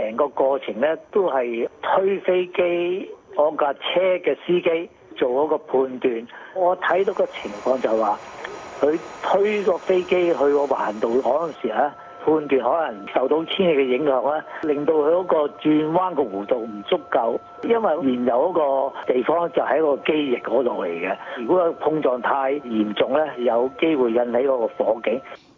成個過程咧，都係推飛機我架車嘅司機做一個判斷。我睇到個情況就話，佢推個飛機去個行道嗰陣時咧，判斷可能受到天氣嘅影響咧，令到佢嗰個轉彎個弧度唔足夠，因為燃油嗰個地方就喺一個機翼嗰度嚟嘅。如果碰撞太嚴重咧，有機會引起嗰個火警。